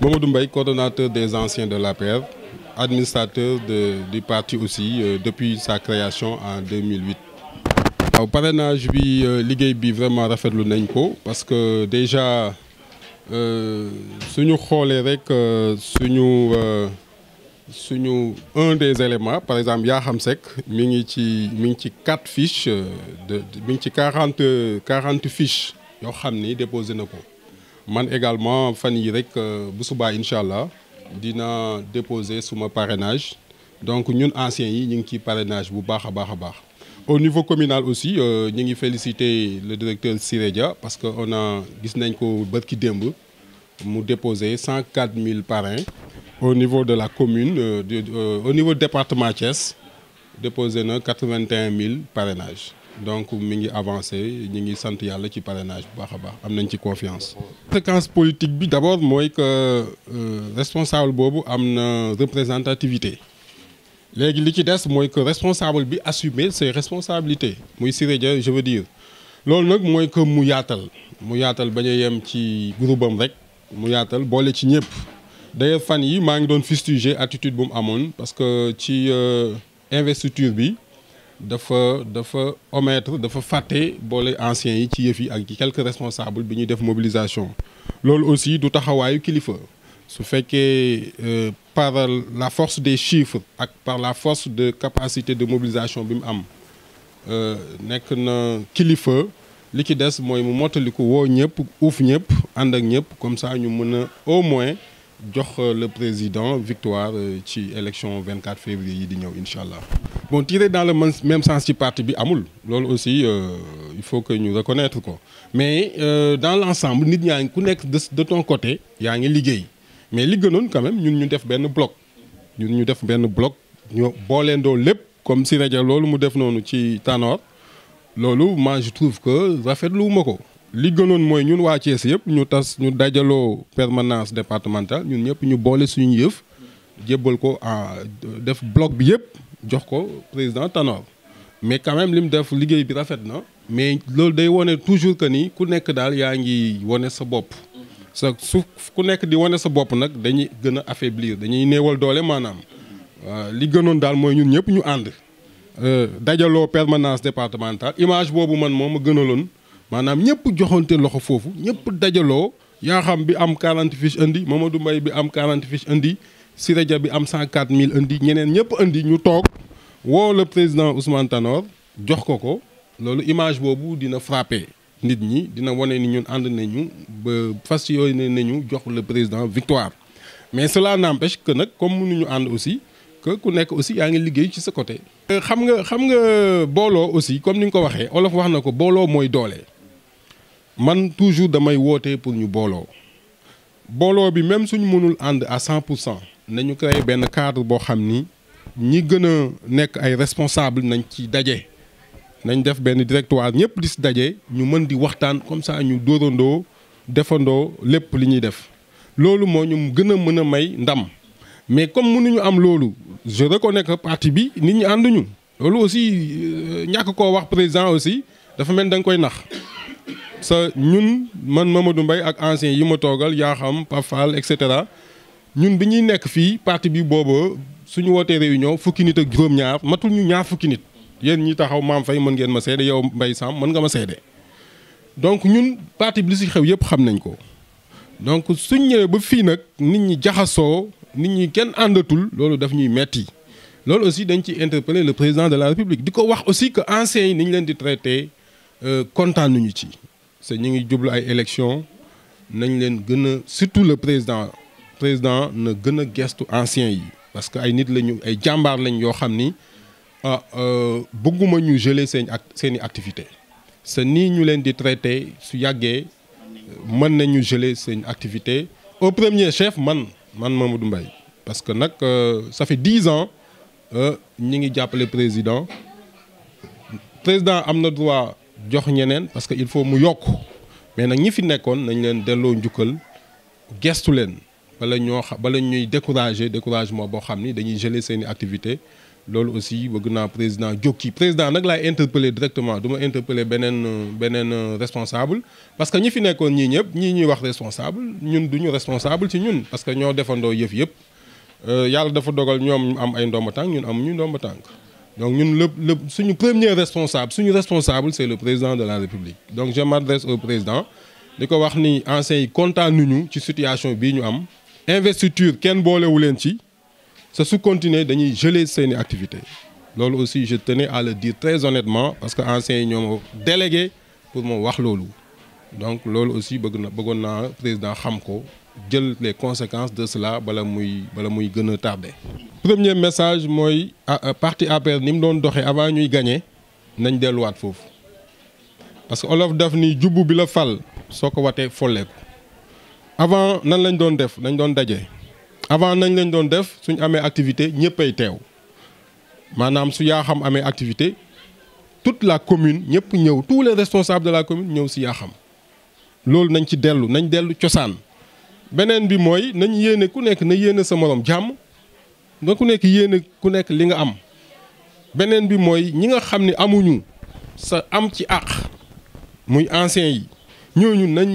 Mamadou mbay coordonnateur des anciens de l'APR administrateur de di parti aussi euh, depuis sa création en 2008. waaw parrainage bi euh, liggéey bi vraiment rafetlu nañ ko parce que déjà euh, suñu xoolee rek euh, suñu suñu un des éléments par exemple Yakham Seck mi ngi ci mi ngi ci quatre fiches de mi ngi ci quarante quarante fiches yoo xam ni déposé na ko. man également fan yi rek euh, bu subaa incha allah dina déposer suma parrainage donc ñun anciens yi ñu ngi ci parrainage bu baax a baax a baax au niveau communal aussi euh, ñu ngi féliciter le directeur Siré Dia parce que on a gis nañ ko bërki démb mu déposer cent quatre mille parrains au niveau de la commune euh, au niveau département Thiès déposé na quatre vingt et mille parrainages donc mi ngi avancé ñu ngi sant yàlla ci parrainage bu baax a baax am nañ ci confiance. conséquence politique bi d' abord mooy que euh, responsable boobu am na représentativité léegi li ci des mooy que responsable bi assumer ses responsabilité muy Siré Dia je veux dire loolu nag mooy que mu yaatal mu yaatal bañ a yem ci groupe am rek mu yaatal boole ci ñëpp d'ailleurs fan yi maa ngi doon fustiger attitude bu mu amoon parce que ci euh, investiture bi. dafa dafa omettre dafa fàtte boole anciens yi ci yëf yi ak quelques bi ñuy def mobilisation loolu aussi du taxawaayu kilifa su fekkee euh, par la force des chiffres ak par la force de capacité de mobilisation bi mu am euh, nekk na kilifa li ci des mooy mu mottaliku woo ñëpp uuf ñëpp ànd ak ñëpp comme ça ñu mën a au moins jox euh, le président victoire euh, ci élection 24 février yi di ñëw incha allah bon tirer dans le même sens ci parti bi amul loolu aussi euh, il faut que ñu reconnaître ko mais dans l'ensemble nit ñaa ngi ku nekk de ton côté yaa ngi liggéey mais li gënoon quand même ñun ñu def benn bloc ñun ñu def benn bloc ñu booleendoo lépp comme si rajo loolu mu def noonu ci Tanor loolu moi je trouve que rafetlu ma ko li gënoon mooy ñun waa Thiès yëpp ñu tas ñu dajaloo permanence départementale ñun ñëpp ñu boole suñu yëf jébbal ko euh, def bloc bi yëpp jox ko président Tanor mais quand li mu def liggéey bi rafet na mais loolu day wane toujours que nii ku nekk daal yaa ngi wane sa bopp sa su ku nekk di wane sa bopp nag dañuy gën a affaiblir dañuy néewal doole maanaam euh, li gënoon daal mooy ñun ñëpp ñu ànd euh, dajaloo permanence départementale image boobu man moom a gënaloon maanaam ñëpp joxante loxo foofu ñëpp dajaloo yaa xam bi am 40 fiches indi du mbay bi am 40 fiches indi si Dia bi am 104000 indi ñeneen ñëpp indi ñu toog woo le président Ousmane Tanor jox ko ko loolu image boobu dina frappé nit ñi dina wone ni ñun ànd nañu ba fas yooyu ne nañu jox le président victoire mais cela n'empêche que nag comme mënuñu ànd aussi que ku nekk aussi yaa ngi liggéey ci sa côté. Euh, xam nga xam nga booloo aussi comme ni nga ko waxee olof wax na ko booloo mooy doole. man toujours damay woote pour ñu booloo booloo bi même suñu mënul ànd à cent pour cent nañu créer benn cadre boo xam ni ñi gën a nekk ay responsable nañ ci daje nañ def benn directoire ñëpp di si daje ñu mën di waxtaan comme sa ñu dóorandoo defandoo lépp li ñuy def loolu moo ñu gën a mën a may ndam mais comme mënuñu am loolu je reconnais que parti bi nit ñi ànduñu loolu aussi euh, ñàkk ko wax président aussi dafa mel da nga koy nax sa ñun man ma Mamadou mbay ak anciens yi ma toogal yaa xam Pape et cetera ñun bi ñuy nekk fii parti bi booba suñu wootee réunion fukki nit ak juróom-ñaar matul ñu ñaar fukki nit yéen ñi taxaw maam fay mën ngeen ma seede yow mbay Sam mën nga ma seede donc ñun parti bi li si xew yëpp xam nañ ko donc suñ ñëwee ba fii nag nit ñi jaxasoo nit ñi kenn àndatul loolu daf ñuy metti loolu aussi dañ ci interpeller le président de la république di ko wax aussi que anciens yi ni leen di traité euh, kontaan nañu ci parce ñu ngi jublu ay élections nañ leen gën a surtout le président président na gën a gestu anciens yi parce que ay nit lañu ay jàmbaar lañ yoo xam ni ah euh, bëgguma ñu geler seen ak seeni activité se nii ñu leen di traité su yàggee mën nañu jële seen activité au premier chef man man Mamadou mbay parce que nag euh, ça fait dix ans euh, ñu ngi jàppale président président am na droit jox ñeneen parce que il faut mu yokk mais nag ñi fi nekkoon nañ leen delloo njukkal gestu leen bala ñoo xam bala ñuy décourager découragement boo xam ni dañuy geler seen activité loolu aussi bëgg naa président jóg ci président nag laay interpeller directement du ma interpeller beneen beneen responsable parce que ñi fi nekkoon ñii ñëpp ñii ñuy wax responsable ñun duñu responsable ci ñun parce que ñoo defandoo yëf yëpp euh, yàlla dafa dogal ñoom am ay ndomba tànk ñun am ñu tànk donc ñun le le suñu premier responsable suñu responsable c' le président de la république donc je m' adresse au président di ko wax ni anciens yi kontaan nañu ci situation bii ñu am investiture kenn boolewu leen ci sa su continuer dañuy geler seeni activité loolu aussi je tenais à le dire très honnêtement parce que anciens yi ñoo ma délégué pour ma wax loolu donc loolu aussi bëgg na bëggoon naa président xam ko jël les conséquence de cela bala muy bala muy gën a tardé premier message mooy ah, euh, parti APR ni mu doon doxee avant ñuy gagné nañ delluwaat foofu parce que olof daf ni jubbu bi la fal soo ko watee folleeku avant nan lañ doon def nañ doon daje avant nañ lañ doon def suñ amee activité ñëppay teew maanaam su yaa xam amee activité toute la commune ñëpp ñëw tous les responsables de la commune ñëw si yaa xam loolu nañ ci dellu nañ dellu cosaan beneen bi mooy nañ yéene ku nekk na yéene sa morom jàmm. nga ku nekk yéen ku nekk li nga am beneen bi mooy ñi nga xam ni amuñu sa am ci àq muy anciens yi ñooñu nañ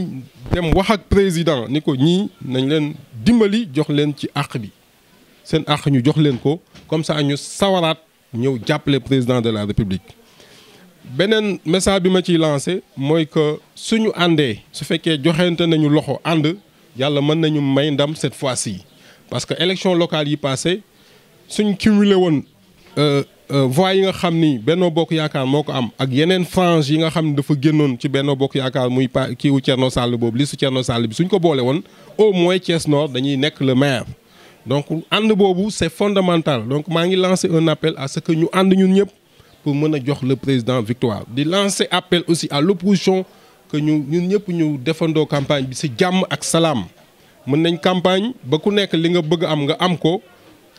dem wax ak président ni ko ñii nañ leen dimbali jox leen ci àq bi seen àq ñu jox leen ko comme ça ñu sawaraat ñëw jàppale président de la république. beneen message bi ma ciy lancé mooy que suñu àndee su fekkee joxente nañu loxo ànd yàlla mën nañu may ndam cette fois-ci parce que élection locale yi passé suñ cumulé woon euh, euh, voix yi nga xam ni Benno Bokk Yaakaar moo ko am ak yeneen frange yi nga xam ne dafa génnoon ci Benno Bokk Yaakaar muy pa kiiwu Thierno Sall boobu li su Thierno Sall bi suñ ko boole woon au moins Thiès Nord dañuy nekk le maire donc ànd boobu c'est fondamental donc maa ngi lancer un appel à ce que ñu ànd ñun ñëpp pour mën a jox le président victoire di lancer appel aussi à l'opposition que ñu ñun ñëpp ñu defandoo campagne bi si jàmm ak salaam mën nañ campagne ba ku nekk li nga bëgg am nga am ko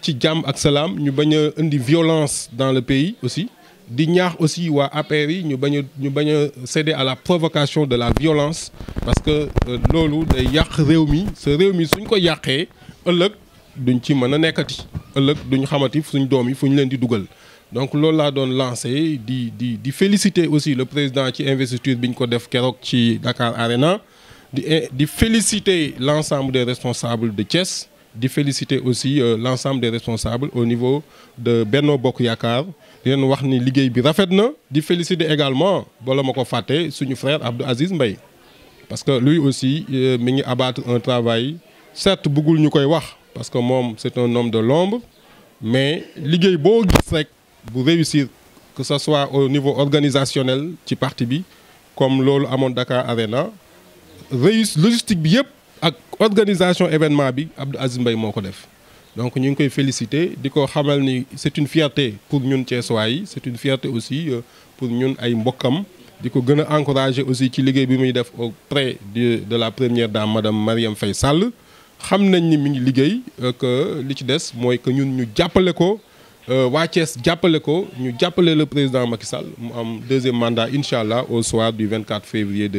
ci jàmm ak salaam ñu bañ a indi violence dans le pays aussi di ñaax aussi waa APR yi ñu bañ ñu bañ a céder à la provocation de la violence parce que euh, loolu day yàq réew mi sa réew mi suñ ko yàqee ëllëg duñ ci mën a nekkati ëllëg duñ xamati suñ doom yi fu ñu leen di dugal donc loolu laa doon lancé di di di féliciter aussi le président ci investiture bi ñu ko def keroog ci Dakar Arena di di féliciter l'ensemble des responsables de Thiès di féliciter aussi euh, l'ensemble des responsables au niveau de Benno Bokk Yaakaar yenn wax ni liggéey bi rafet na di féliciter également bala ma ko fàtte suñu frère Abdou Aziz Mbaye parce que lui aussi euh, mi ngi abattre un travail certes bëggul ñu koy wax parce que moom c'est un homme de l'ombre mais liggéey boo gis rek bu réussir que ce soit au niveau organisationnel ci partie bi comme loolu amoon Dakar Arena réussite logistique bi yëpp ak organisation événement bi Abdou Aziz mbay moo ko def donc ñu ngi koy féliciter di ko xamal ni c'est une fierté pour ñun Thiessois yi c'est une fierté aussi euh, pour ñun ay mbokkam di ko gën a encourager aussi ci liggéey bi muy def auprès de de la première dame madame Marième fay sàll xam nañ ni mi ngi liggéey euh, que li ci des mooy que ñun ñu jàppale ko euh, waa Thiès jàppale ko ñu jàppale le président Macky Sall mu am deuxième mandat incha allah au soir du 24 février